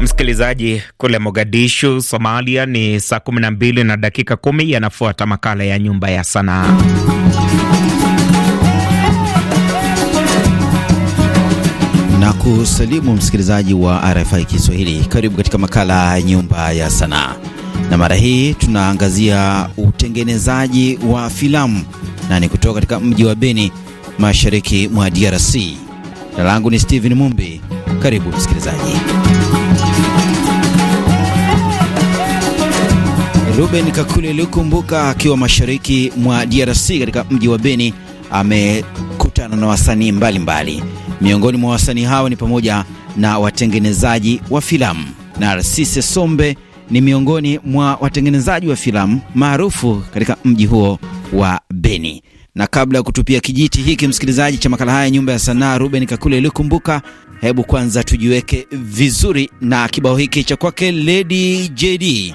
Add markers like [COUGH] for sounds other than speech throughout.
Msikilizaji kule Mogadishu, Somalia, ni saa 12 na dakika kumi. Yanafuata makala ya nyumba ya sanaa. na kusalimu msikilizaji wa RFI Kiswahili. Karibu katika makala ya nyumba ya sanaa, na mara hii tunaangazia utengenezaji wa filamu na ni kutoka katika mji wa Beni, mashariki mwa DRC. Jina langu ni Steven Mumbi. Karibu msikilizaji. Ruben Kakule aliyokumbuka akiwa mashariki mwa DRC katika mji wa Beni amekutana na wasanii mbalimbali. Miongoni mwa wasanii hao ni pamoja na watengenezaji wa filamu. Narcisse Sombe ni miongoni mwa watengenezaji wa filamu maarufu katika mji huo wa Beni. Na kabla ya kutupia kijiti hiki msikilizaji cha makala haya nyumba ya sanaa, Ruben Kakule iliyokumbuka, hebu kwanza tujiweke vizuri na kibao hiki cha kwake Lady JD.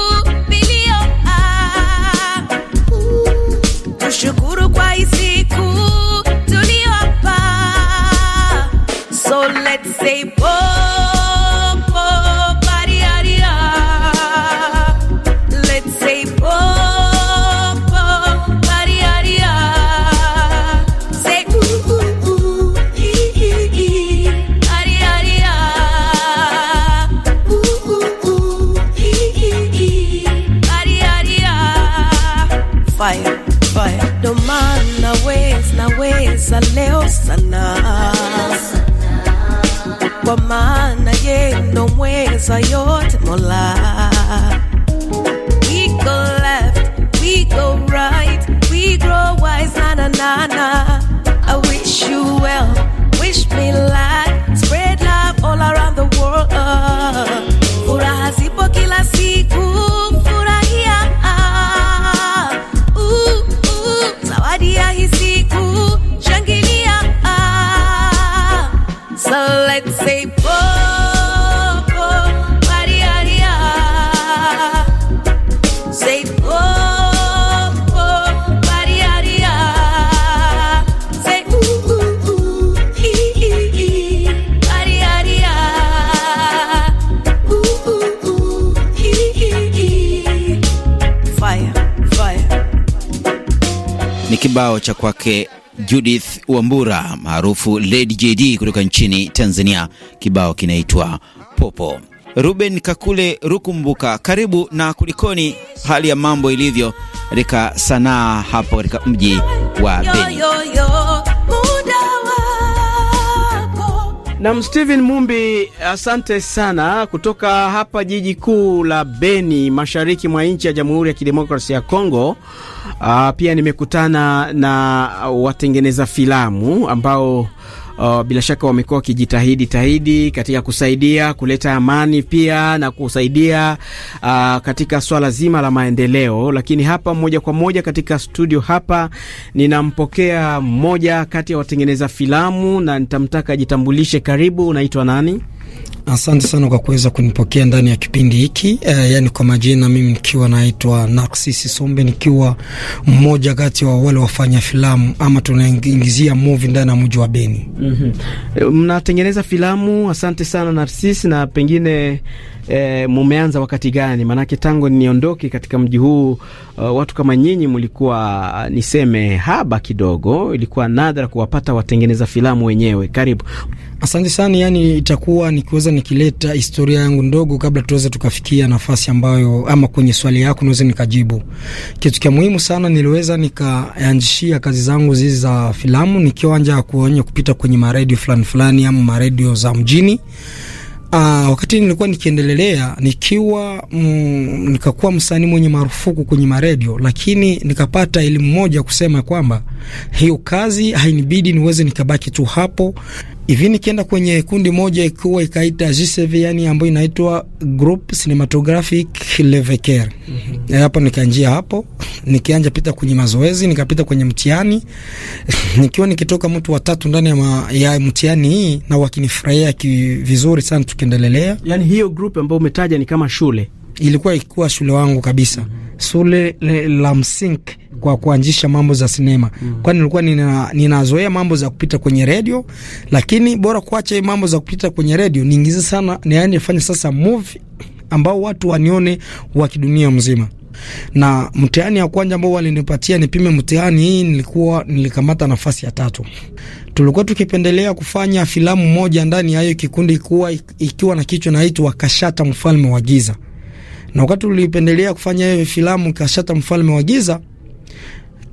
Hola kibao cha kwake Judith Wambura maarufu Lady JD kutoka nchini Tanzania. Kibao kinaitwa Popo. Ruben Kakule Rukumbuka, karibu na kulikoni, hali ya mambo ilivyo katika sanaa hapo katika mji wa Beni? Nam Steven Mumbi, asante sana kutoka hapa jiji kuu la Beni, mashariki mwa nchi ya Jamhuri ya Kidemokrasia ya Kongo. Uh, pia nimekutana na watengeneza filamu ambao uh, bila shaka wamekuwa wakijitahidi tahidi katika kusaidia kuleta amani pia na kusaidia uh, katika swala zima la maendeleo. Lakini hapa moja kwa moja katika studio hapa ninampokea mmoja kati ya watengeneza filamu na nitamtaka ajitambulishe. Karibu, unaitwa nani? Asante sana kwa kuweza kunipokea ndani ya kipindi hiki e, yani kwa majina mimi nikiwa naitwa Naksisi Sombe, nikiwa mmoja kati wa wale wafanya filamu ama tunaingizia movie ndani ya mji wa Beni. mm -hmm. Mnatengeneza filamu. Asante sana Narcisi, na pengine e, mumeanza wakati gani? Maanake tangu niondoke katika mji huu uh, watu kama nyinyi mlikuwa niseme haba kidogo, ilikuwa nadra kuwapata watengeneza filamu wenyewe. Karibu. Asante sana. Yani itakuwa nikiweza nikileta historia yangu ndogo, kabla tuweze tukafikia nafasi ambayo, ama kwenye swali yako niweze nikajibu kitu cha muhimu sana. Niliweza nikaanzishia kazi zangu zizi za filamu nikiwa anja kuonya kupita kwenye maredio fulani fulani ama maredio za mjini. Aa, ah, wakati nilikuwa nikiendelelea nikiwa mm, nikakuwa msanii mwenye marufuku kwenye maredio, lakini nikapata elimu moja kusema kwamba hiyo kazi hainibidi niweze nikabaki tu hapo hivi nikienda kwenye kundi moja ikiwa ikaita GCV yani ambayo inaitwa Group Cinematographic Leveker. Mm -hmm. Eh, hapo nikaanjia hapo, nikianja pita kwenye mazoezi, nikapita kwenye mtihani. [LAUGHS] Nikiwa nikitoka mtu watatu ndani ya, ma, ya mtihani hii na wakinifurahia vizuri sana tukiendelea. Yaani hiyo group ambayo umetaja ni kama shule. Ilikuwa ikuwa shule wangu kabisa. Mm -hmm. Shule la msingi kwa kuanzisha mambo za sinema mm. kwani nilikuwa ninazoea nina, mambo za kupita kwenye redio, lakini bora kuacha mambo za kupita kwenye redio niingize sana, niaende yaani fanye sasa movie ambao watu wanione wa kidunia mzima na mtihani ya kwanza ambao walinipatia nipime mtihani hii, nilikuwa nilikamata nafasi ya tatu. Tulikuwa tukipendelea kufanya filamu moja ndani ya hiyo kikundi kuwa ikiwa na kichwa naitwa Kashata Mfalme wa Giza, na wakati tulipendelea kufanya hiyo filamu Kashata Mfalme wa Giza,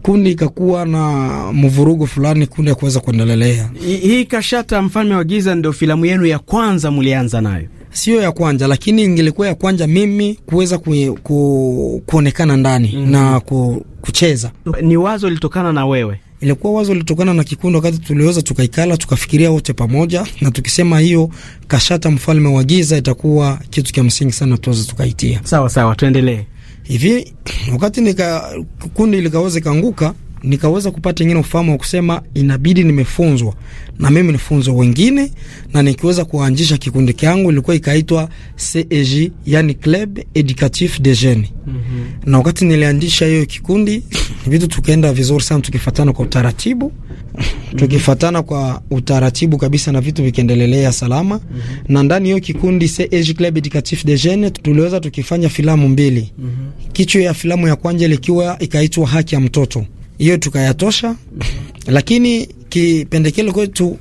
kundi ikakuwa na mvurugu fulani, kundi ya kuweza kuendelelea. Hii Kashata, mfalme wa giza, ndio filamu yenu ya kwanza mlianza nayo? Sio ya kwanza, lakini ingilikuwa ya kwanza mimi kuweza ku, ku, kuonekana ndani mm -hmm. na ku, kucheza. Ni wazo lilitokana na wewe? Ilikuwa wazo lilitokana na kikundi, wakati tuliweza tukaikala tukafikiria wote pamoja, na tukisema hiyo Kashata, mfalme wa giza, itakuwa kitu cha msingi sana tuweze tukaitia. Sawa sawa, tuendelee hivi. Wakati nika kundi likaweza kanguka, nikaweza kupata ingine ufahamu wa kusema inabidi nimefunzwa na mimi nifunze wengine, na nikiweza kuanzisha kikundi kyangu ilikuwa ikaitwa CEJ, yani Club Educatif de Jeunes. mm -hmm. Na wakati nilianzisha hiyo kikundi vitu tukaenda vizuri sana, tukifatana kwa utaratibu tukifatana kwa utaratibu kabisa, na vitu vikiendelelea salama mm -hmm. na ndani hiyo kikundi CEJ Club Educatif de Jeunes tuliweza tukifanya filamu mbili mm -hmm. kichwa ya filamu ya kwanza ilikuwa ikaitwa haki ya mtoto mm hiyo tukayatosha. Lakini kipendekelo kwetu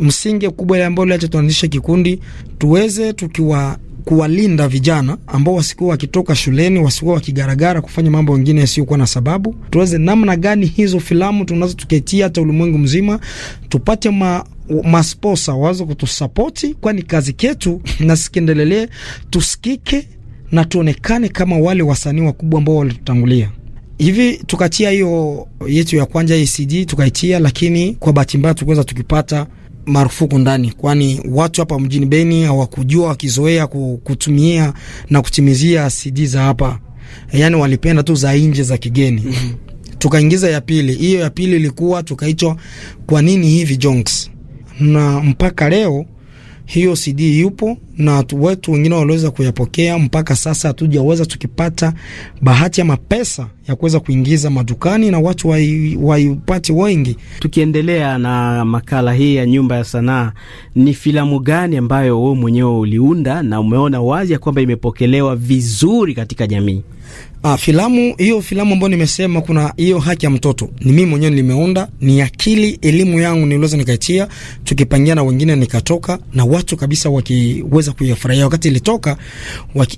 msingi mkubwa ile ambayo leo tunaanzisha kikundi tuweze tukiwa kuwalinda vijana ambao wasikuwa wakitoka shuleni, wasikuwa wakigaragara kufanya mambo mengine yasiyokuwa na sababu. Tuweze namna gani hizo filamu tunazo tuketia hata ulimwengu mzima, tupate ma, masposa waweze kutusapoti, kwani kazi yetu [LAUGHS] na sikiendelelee, tusikike na tuonekane kama wale wasanii wakubwa ambao walitutangulia hivi tukatia hiyo yetu ya kwanza ACD CD tukaitia, lakini kwa bahati mbaya tuliweza tukipata marufuku ndani, kwani watu hapa mjini Beni hawakujua, wakizoea kutumia na kutimizia CD za hapa, yaani walipenda tu za nje za kigeni mhm. Tukaingiza ya pili, hiyo ya pili ilikuwa tukaitwa kwa nini hivi Jonks, na mpaka leo hiyo CD yupo na watu wengine waliweza kuyapokea. Mpaka sasa hatujaweza tukipata bahati ama pesa ya kuweza kuingiza madukani na watu waipati wengi. Tukiendelea na makala hii ya nyumba ya sanaa, ni filamu gani ambayo wewe mwenyewe uliunda na umeona wazi ya kwamba imepokelewa vizuri katika jamii? Ah, filamu hiyo filamu ambayo nimesema kuna hiyo haki ya mtoto ni mimi mwenyewe nimeunda, ni akili elimu yangu niliweza nikaitia, tukipangia na wengine nikatoka na watu kabisa wakiweza kuyafurahia. Wakati ilitoka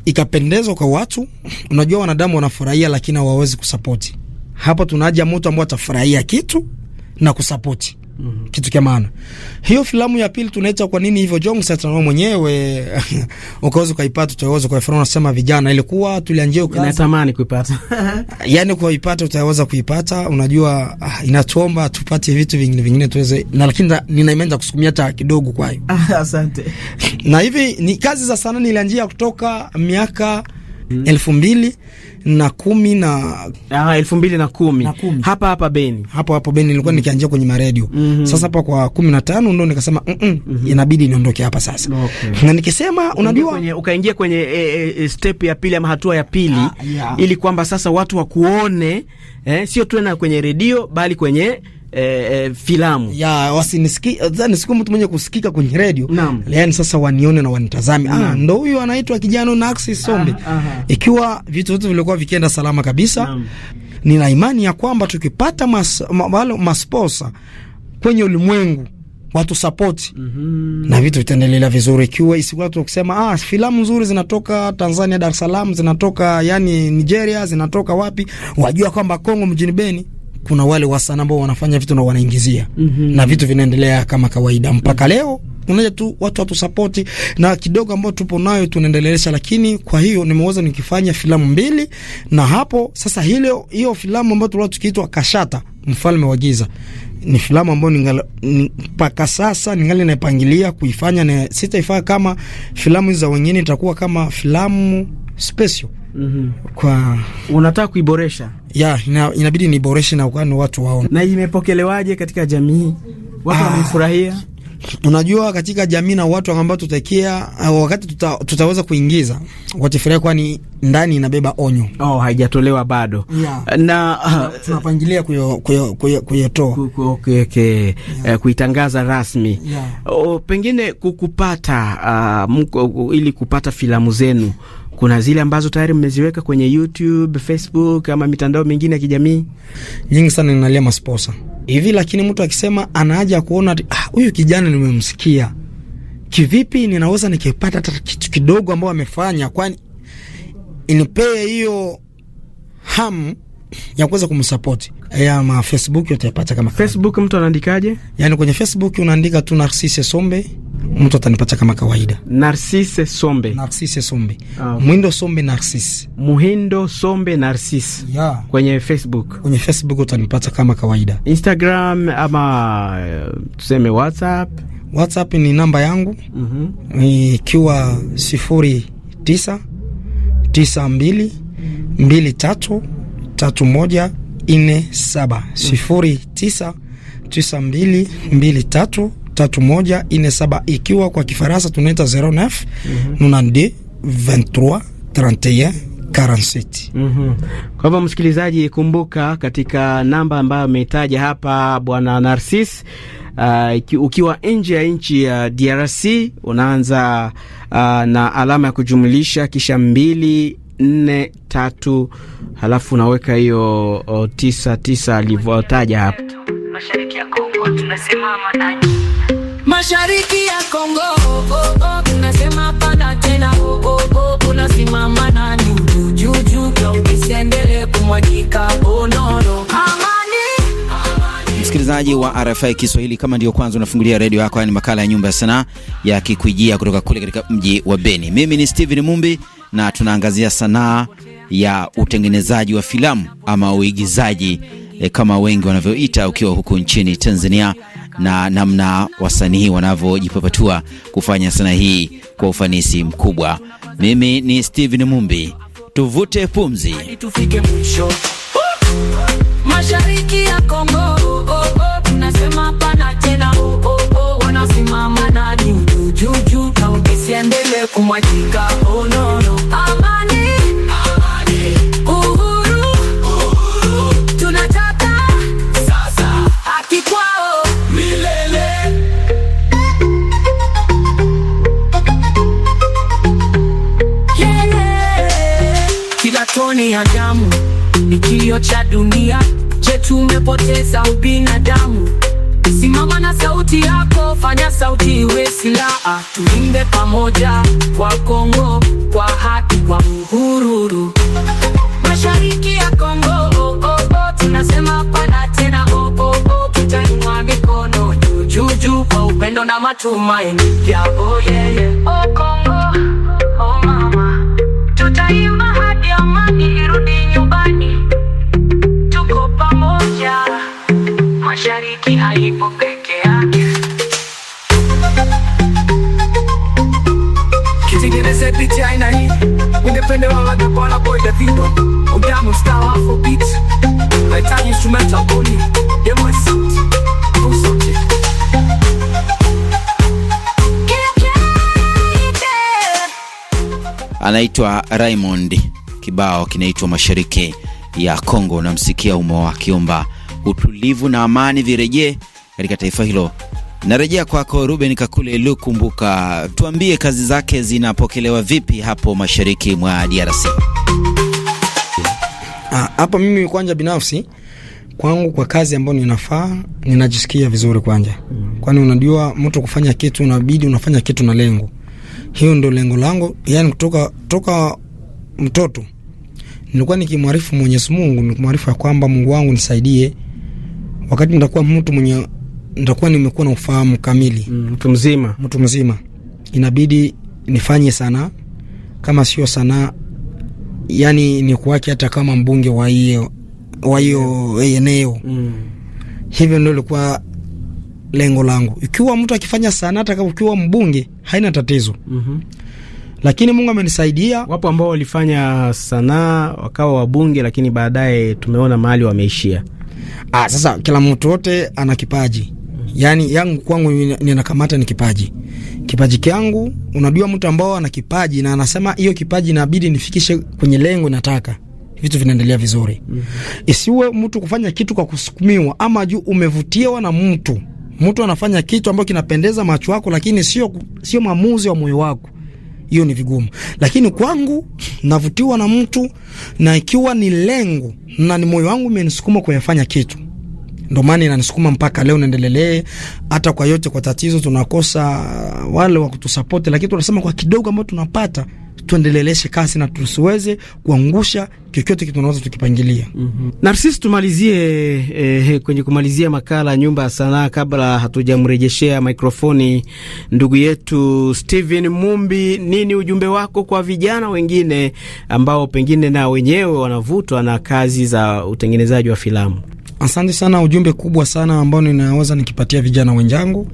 ikapendezwa kwa watu, unajua wanadamu wanafurahia, lakini hawawezi kusapoti. Hapa tunaja mtu ambaye atafurahia kitu na kusapoti Mm, kitu kia maana. Hiyo filamu ya pili tunaita kwa nini hivyo Jong sasa tunao mwenyewe [LAUGHS] ukaweza kuipata utaweza kwa ifrona sema vijana ilikuwa tulianjia ukaanza natamani kuipata. [LAUGHS] Yaani kuipata utaweza kuipata unajua ah, inatuomba tupate vitu vingine vingine tuweze na lakini ninaimenda kusukumia hata kidogo kwa hiyo. [LAUGHS] Asante. na hivi ni kazi za sanaa nilianjia kutoka miaka mm. elfu mbili na kumi na ah, elfu mbili na kumi. Na kumi. Hapa hapa Beni, hapo hapo Beni nilikuwa mm. nikianzia kwenye maredio mm -hmm. Sasa hapa kwa kumi na tano ndo nikasema mm -mm, mm -hmm. inabidi niondoke hapa sasa okay. Na nikisema unajua kwenye, ukaingia kwenye e, e, step ya pili ama hatua ya pili ah, yeah. Ili kwamba sasa watu wakuone eh, sio tena kwenye redio bali kwenye eh, eh, filamu ya wasinisikie, zani siku mtu mwenye kusikika kwenye redio, yani sasa wanione na wanitazame. Ah, ah ndo huyu anaitwa kijana na Axis ah, Sombe. Ikiwa vitu vyote vilikuwa vikienda salama kabisa Nina imani ya kwamba tukipata mas, ma, masposa kwenye ulimwengu watu support mm -hmm. na vitu vitaendelea vizuri, ikiwa isiku watu kusema ah, filamu nzuri zinatoka Tanzania, Dar es Salaam, zinatoka yani Nigeria, zinatoka wapi, wajua kwamba Kongo mjini Beni kuna wale wasanii ambao wanafanya vitu na wanaingizia mm -hmm. na vitu vinaendelea kama kawaida mpaka mm -hmm. leo unaja tu watu watusapoti na kidogo ambao tupo nayo tunaendelesha, lakini kwa hiyo nimeweza nikifanya filamu mbili, na hapo sasa hilo hiyo filamu ambayo tulikuwa tukiitwa Kashata Mfalme wa Giza ni filamu ambayo mpaka sasa ningali naipangilia kuifanya na sitaifanya kama filamu za wengine, itakuwa kama filamu special. mm -hmm. Kwa unataka kuiboresha ya ina, inabidi niboreshe na ukani watu waone. Na imepokelewaje katika jamii? Watu ah. wamefurahia? Unajua, katika jamii na watu ambao tutakia wakati tuta, tutaweza kuingiza watafurahi, kwani ndani inabeba onyo. Oh, haijatolewa bado yeah. Na uh, tunapangilia kuyo, kuyo, kuyo, kuyotoa kuyo, okay, okay. Yeah. Uh, kuitangaza rasmi yeah. Oh, o, pengine kukupata uh, mko, ili kupata filamu zenu kuna zile ambazo tayari mmeziweka kwenye YouTube, Facebook ama mitandao mingine ya kijamii nyingi sana. Ninalia masposa hivi, lakini mtu akisema ana haja ya kuona ah, huyu ah, kijana nimemsikia kivipi, ninaweza nikipata hata kitu kidogo ambao amefanya, kwani inipee hiyo hamu ya kuweza kumsapoti. Eh, ya ma Facebook utapata kama Facebook. Mtu anaandikaje? Yani kwenye Facebook unaandika tu Narcisse Sombe, mtu atanipata kama kawaida. Narcisse Sombe, Narcisse Sombe, ah. Muhindo Sombe Narcisse, Muhindo Sombe Narcisse ya yeah. Kwenye Facebook, kwenye Facebook utanipata kama kawaida. Instagram ama eh, tuseme WhatsApp. WhatsApp ni namba yangu mhm. ikiwa mm -hmm. sifuri tisa tisa mbili mbili tatu tatu moja ine ikiwa kwa Kifaransa tunaita 09 92 23 31 Mm -hmm. Kwa hivyo msikilizaji, kumbuka katika namba ambayo ametaja hapa bwana Narcis, uh, ukiwa nje ya nchi ya DRC unaanza uh, na alama ya kujumlisha kisha mbili nne tatu, halafu unaweka hiyo tisa tisa alivyotaja hapo. Mashariki ya Kongo tunasema pana oh, oh, oh, tena unasimama nani juujuu tunasimama nanyi, kumwagika bonono no, Msikilizaji wa RFI Kiswahili, kama ndiyo kwanza unafungulia redio yako, haya ni makala ya Nyumba ya Sanaa yakikujia kutoka kule katika mji wa Beni. Mimi ni Steven Mumbi na tunaangazia sanaa ya utengenezaji wa filamu ama uigizaji e, kama wengi wanavyoita ukiwa huku nchini Tanzania, na namna wasanii wanavyojipapatua kufanya sanaa hii kwa ufanisi mkubwa. Mimi ni Steven Mumbi, tuvute pumzi. Mashariki ya Kongo, oh, oh, oh. tunasema pana tena, wanasimama na juu juu juu oh no ni Adamu, ni kilio cha dunia chetu, umepoteza ubinadamu. Simama na sauti yako, fanya sauti iwe silaha, tuimbe pamoja kwa Kongo, kwa haki, kwa uhuru. Mashariki ya Kongo, oh, oh, oh, tunasema hapana tena, oh, oh, oh, tutainua mikono juu juu juu, kwa upendo na matumaini ya oh, yeah, yeah. Oh, oh. Mashariki haipo peke yake. Kitengeneze beat ya aina hii, bwana boy Davido, afro beat, nahitaji instrumental anaitwa Raymond, kibao kinaitwa Mashariki ya Kongo, namsikia umo akiomba utulivu na amani virejee katika taifa hilo. Narejea kwako Ruben Kakule Lukumbuka, tuambie kazi zake zinapokelewa vipi hapo mashariki mwa DRC? Ah, hapa mimi kwanja, binafsi kwangu kwa kazi ambayo ninafaa ninajisikia vizuri kwanja, kwani unajua mtu kufanya kitu unabidi unafanya kitu na lengo. Hiyo ndio lengo langu, yani kutoka toka mtoto nilikuwa nikimwarifu Mwenyezi Mungu, nikimwarifu ya kwamba Mungu wangu nisaidie wakati nitakuwa mtu mwenye nitakuwa nimekuwa na ufahamu kamili mm, mtu mzima, mtu mzima, inabidi nifanye sanaa kama sio sanaa, yani ni kuwake hata kama mbunge wa hiyo wa hiyo eneo mm. Hivyo ndio ilikuwa lengo langu. Ikiwa mtu akifanya sanaa, hata ukiwa mbunge, haina tatizo mm -hmm. Lakini Mungu amenisaidia. Wapo ambao walifanya sanaa wakawa wabunge, lakini baadaye tumeona mahali wameishia. Ah, sasa kila mtu wote ana kipaji. Yaani yangu kwangu ninakamata ni kipaji. Kipaji kyangu, unajua mtu ambao ana kipaji na anasema hiyo kipaji inabidi nifikishe kwenye lengo nataka. Vitu vinaendelea vizuri. Mm -hmm. Isiwe mtu kufanya kitu kwa kusukumiwa ama juu umevutiwa na mtu. Mtu anafanya kitu ambacho kinapendeza macho yako lakini sio sio maamuzi ya moyo wako hiyo ni vigumu, lakini kwangu navutiwa na mtu, na ikiwa ni lengo na ni moyo wangu umenisukuma kuyafanya kitu, ndo maana inanisukuma mpaka leo naendelelee. Hata kwa yote, kwa tatizo tunakosa wale wa kutusapoti, lakini tunasema kwa kidogo ambao tunapata tuendeleleshe kasi na tusiweze kuangusha chochote kitu tunaweza tukipangilia. mm -hmm. Narcis, tumalizie eh, eh, kwenye kumalizia makala ya nyumba ya sanaa, kabla hatujamrejeshea mikrofoni ndugu yetu Steven Mumbi, nini ujumbe wako kwa vijana wengine ambao pengine na wenyewe wanavutwa na kazi za utengenezaji wa filamu? Asante sana, ujumbe kubwa sana ambao ninaweza nikipatia vijana wenzangu,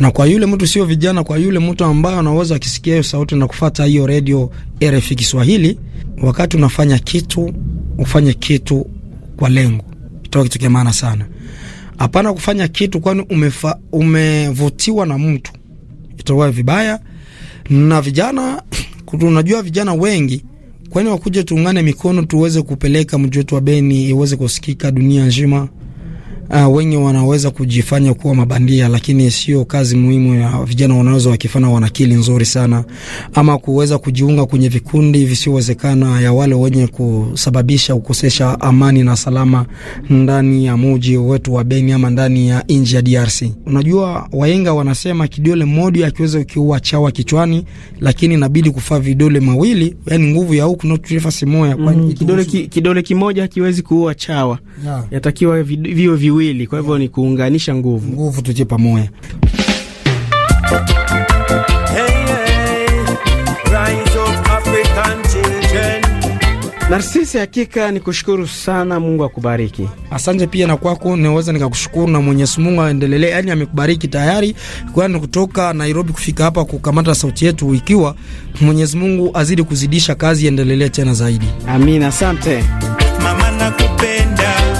na kwa yule mtu sio vijana, kwa yule mtu ambaye anaweza akisikia hiyo sauti na kufuata hiyo radio RFI Kiswahili, wakati unafanya kitu ufanye kitu kwa lengo, itoa kitu maana sana. Hapana kufanya kitu kwani umefa, umevutiwa na mtu, itakuwa vibaya. Na vijana tunajua [CLEARS THROAT] vijana wengi kwani wakuja tuungane mikono tuweze kupeleka mji wetu wa Beni iweze kusikika dunia nzima uh, wengi wanaweza kujifanya kuwa mabandia, lakini sio kazi muhimu ya vijana. Wanaweza wakifanya, wana akili nzuri sana, ama kuweza kujiunga kwenye vikundi visiowezekana ya wale wenye kusababisha ukosesha amani na salama ndani ya muji wetu wa Beni ama ndani ya nchi ya DRC. Unajua, wahenga wanasema kidole mmoja akiweza ukiua chawa kichwani, lakini inabidi kufaa vidole mawili, yani nguvu ya huku nafasi moja, mm, kidole kimoja hakiwezi kuua chawa, yatakiwa viwe viwili, kwa hivyo yeah, ni kuunganisha nguvu nguvu, tuje pamoja. Narsisi, hakika ni kushukuru sana. Mungu akubariki. Asante pia na kwako, niweza nikakushukuru na Mwenyezi Mungu aendelee, yani amekubariki tayari, kwani kutoka Nairobi kufika hapa kukamata sauti yetu, ikiwa Mwenyezi Mungu azidi kuzidisha kazi, endelee tena zaidi. Amina, asante mama, nakupenda.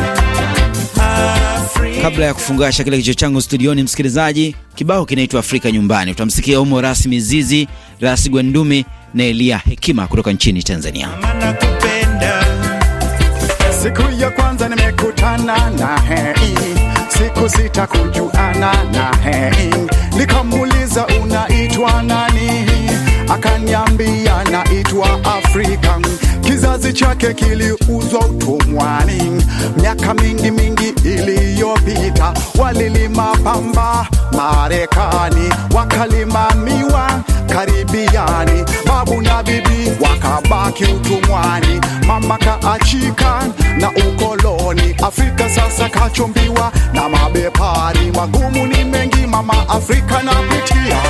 Kabla ya kufungasha kile kichwa changu studioni, msikilizaji, kibao kinaitwa Afrika Nyumbani. Utamsikia umo Rasi Mizizi, Rasi Gwandumi na Elia Hekima kutoka nchini Tanzania. Siku ya kwanza nimekutana na hei, siku sita kujuana na hei, nikamuuliza unaitwa nani? akaniambia naitwa Afrika, kizazi chake kiliuzwa utumwani miaka mingi mingi iliyopita. Walilima pamba Marekani, wakalima miwa Karibiani, babu na bibi wakabaki utumwani, mama kaachika na ukoloni. Afrika sasa kachombiwa na mabepari, magumu ni mengi mama Afrika napitia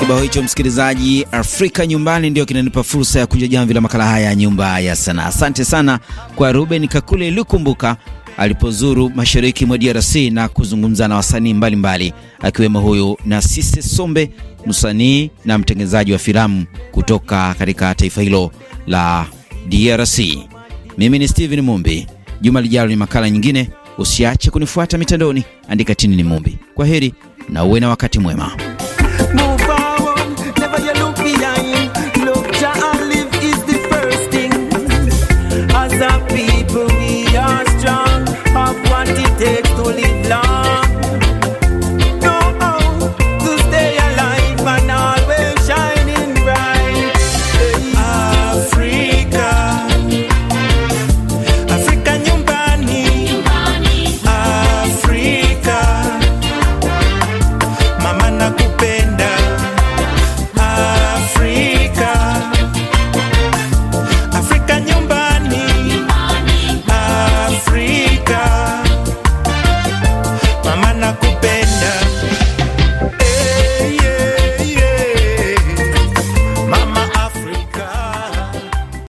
Kibao hicho msikilizaji, Afrika Nyumbani, ndio kinanipa fursa ya kunja jamvi la makala haya ya Nyumba ya Sanaa. Asante sana kwa Ruben Kakule Lukumbuka alipozuru mashariki mwa DRC na kuzungumza na wasanii mbalimbali akiwemo huyu Nasise Sombe, msanii na mtengenezaji wa filamu kutoka katika taifa hilo la DRC. Mimi ni Steven Mumbi. Juma lijalo ni makala nyingine. Usiache kunifuata mitandaoni, andika tini ni Mumbi. Kwa heri na uwe na wakati mwema.